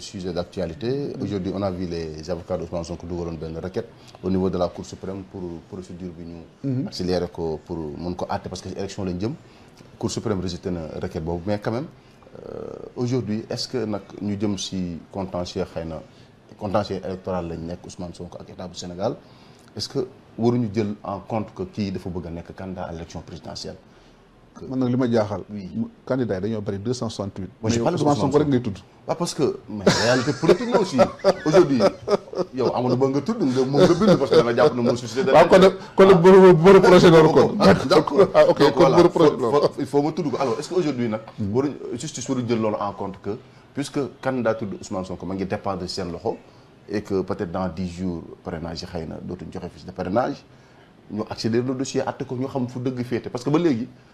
sujet d'actualité. Aujourd'hui, on a vu les avocats d'Ousmane Sonko fait une requête au niveau de la Cour suprême pour procédure bi mhm. accéléré pour mën ko parce que l'élection Cour suprême résiste na requête mais quand même euh, aujourd'hui est-ce que nous avons si contentieux électoral Ousmane Sonko ak du Sénégal est-ce que nous jël en compte que est le candidat à l'élection présidentielle man nag li ma candidat yi dañoo bëri deux cent soixante huit. mais yow Ousmane Sonko rek ngay tudd. waaw parce que mais la réalité politique la aussi aujourd'hui yow Amadou Ba nga tudd nga moom nga bind parce que dana jàpp ne moom société. waaw kon nag kon nag ah. bu reproché loolu kon. ah, ah ok kon bu reproché loolu il faut ma tudd alors est-ce que aujourd'hui nag. Hmm. waruñ justice waruñ jël loolu en compte que puisque candidat de Ousmane Sonko ma ngi de seen loxo et que peut-être dans 10 jours parrainage yi xëy na dootuñ joxe fiche de parrainage ñu accéder le dossier àtte ko ñu xam fu dëgg féete parce que ba léegi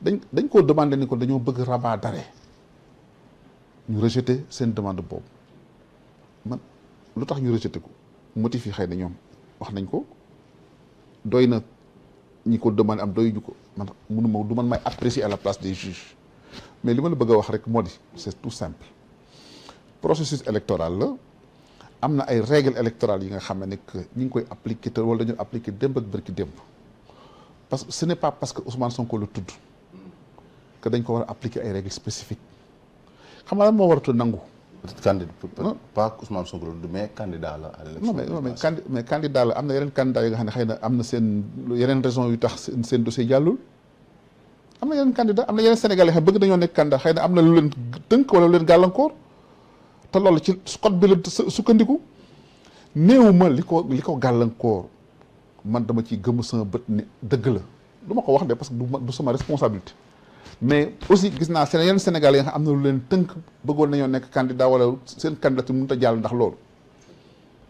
dañ ko koo demandé ni ko dañoo bëgg rabat d'arrêt ñu rejeté sen demande bob man lu tax ñu rejeté ko motif xey na ñom wax nañ ko doyna na ñi ko demandé am doy ju ko man mënu ma du man may apprécier à la place des juges mais li ma la bëgg wax rek modi c'est tout simple processus électoral la amna ay règles électorales yi nga xam ne que ñi ngi koy appliquer wala dañu appliquer demb ak barki demb parce que ce n'est pas parce que Ousmane Sonko le tudd que dañ ko war a appliquer ay règles spécifiques xam nga lan moo waratul nangu. candidat pas Ousmane Sonko mais candidat la non mais non mais mais candidat la am na yeneen candidat yi nga xam ne xëy na am na seen yeneen raison yu tax seen seen dossier jàllul. am na yeneen candidat am na yeneen sénégalais lu leen tënk mais aussi gis naa seen yenn Sénégalais yi nga xam am na lu leen tënk bëggoon nañoo nekk candidat wala seen candidature mënut a jàll ndax loolu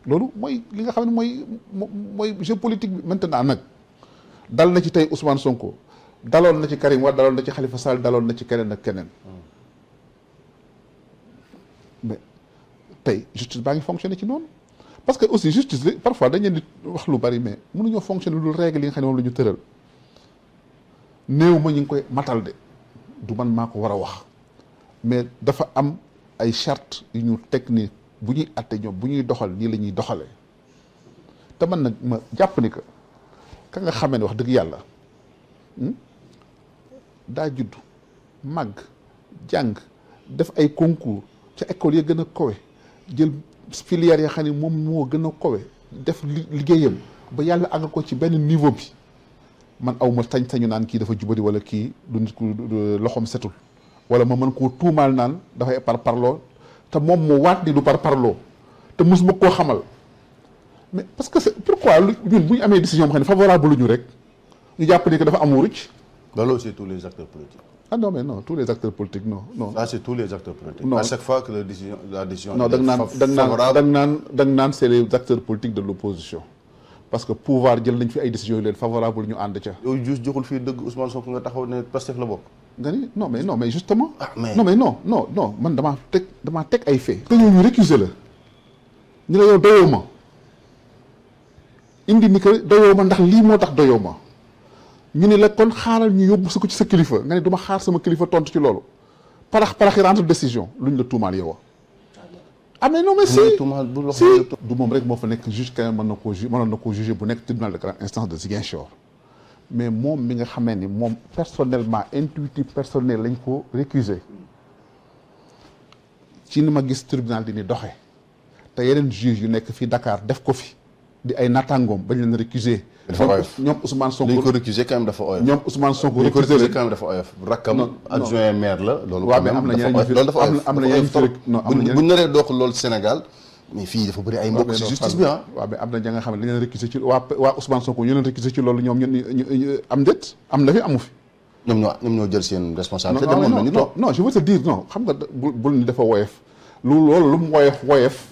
loolu mooy li nga xam ne mooy mooy politique bi maintenant nag dal na ci tey Ousmane Sonko daloon na ci Karim Wade daloon na ci Khalifa Sall daloon na ci keneen ak keneen mais tey justice baa ngi fonctionné ci noonu parce que aussi justice li parfois dañ leen di wax lu bari mais mënuñoo fonctionné lu règle yi nga xam ne moom ñu tëral néew ñu ngi koy matal du man maa ko war a wax mais dafa am ay charte yu ñu technique bu ñuy atte ñoom bu ñuy doxal nii la ñuy doxalee te man nag ma jàpp ni que ka nga xame ne wax dëgg yàlla hmm, daa judd màgg jàng def ay concours ca école ya gën a kowe jël filière ya xam ni moom moo gën a kowe def liggéeyam ba yàlla àgg ko ci benn niveau bi man aw ma sañ-sañu naan kii dafa jubadi wala kii du nit ku loxoom setul wala ma mën koo tuumaal naan dafay par parloo te moom mu waat di du par parloo te mos ma koo xamal mais parce que pourquoi lu ñun bu ñu amee décision xam ne favorable lu ñu rek ñu jàpp ni que dafa am wuruj. loolu aussi tous les acteurs politiques. ah non mais non tous les acteurs politiques non non. ah c'est tous les acteurs politiques. non à chaque fois que la décision la décision. non da nga naan da nga naan da nga naan c'est les acteurs politiques de l'opposition parce que pouvoir jël nañ fi ay décision yu leen favorable ñu and ca. yooyu juste joxul fi deug Ousmane Sonko nga taxaw ne Pastef la bok nga ni non mais non mais justement. ah mais non mais non non non man dama tek dama tek ay fait. te ñooñu récuser la ñu la yow doyoma indi ni que doyoma ndax li moo tax doyoo ñu ni la kon xaaral ñu yobbu su ko ci sa kilifa nga ni duma xaar sama kilifa tontu ci lolu parax parax rentre décision luñ la tuumaal yow ah mais non mais si du juge qui est tribunal de instance de mais moi, je suis personnellement intuitif personnel lañ ko récuser ci ni ma tribunal di ni juge yu est Dakar def di ay naataangoom bañ leen récuser. dafa récuser dafa oyof. ñoom Ousmane Sonko récuser leen dafa oyof. rakkam adjoint maire la. loolu waaw mais am na ñeneen ñu fi loolu dafa oyof am na ñeneen ñu fi rek non loolu Sénégal. mais fii dafa bëri ay mbokk si justice bi ah. waaw am na ña nga xam ne dañ leen récuser ci waa waa Ousmane Sonko ñu leen récuser ci loolu ñoom ñun am déet am na fi amu fi. ñoom ñoo ñoom ñoo jël seen responsabilité. non xam nga bul bul dafa woyof lu loolu lu mu woyof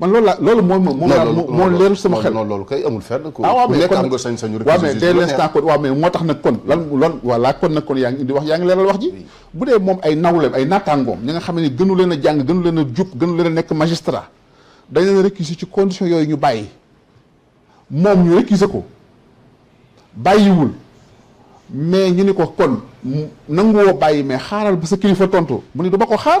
man loolu la loolu moom moom la moo leerul sama xel loolu kay amul fenn ku ah, nekk am mais moo tax nag kon lan lan voilà kon nag kon yaa ngi indi wax yaa ngi leeral wax ji bu dee moom ay nawleem ay naataangoom ñi nga xam ne gënu leen a jàng gënu leen a jub gënu leen a nekk magistrat dañ leen récuser ci condition yooyu ñu bàyyi moom ñu récuser ko bàyyiwul mais ñu ni ko kon nanguwoo bàyyi mais xaaral ba sa kilifa tontu mu ni du ma ko xaar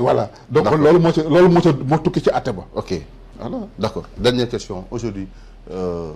voilà. donc ok alors d'accord dernière question aujourd'hui euh,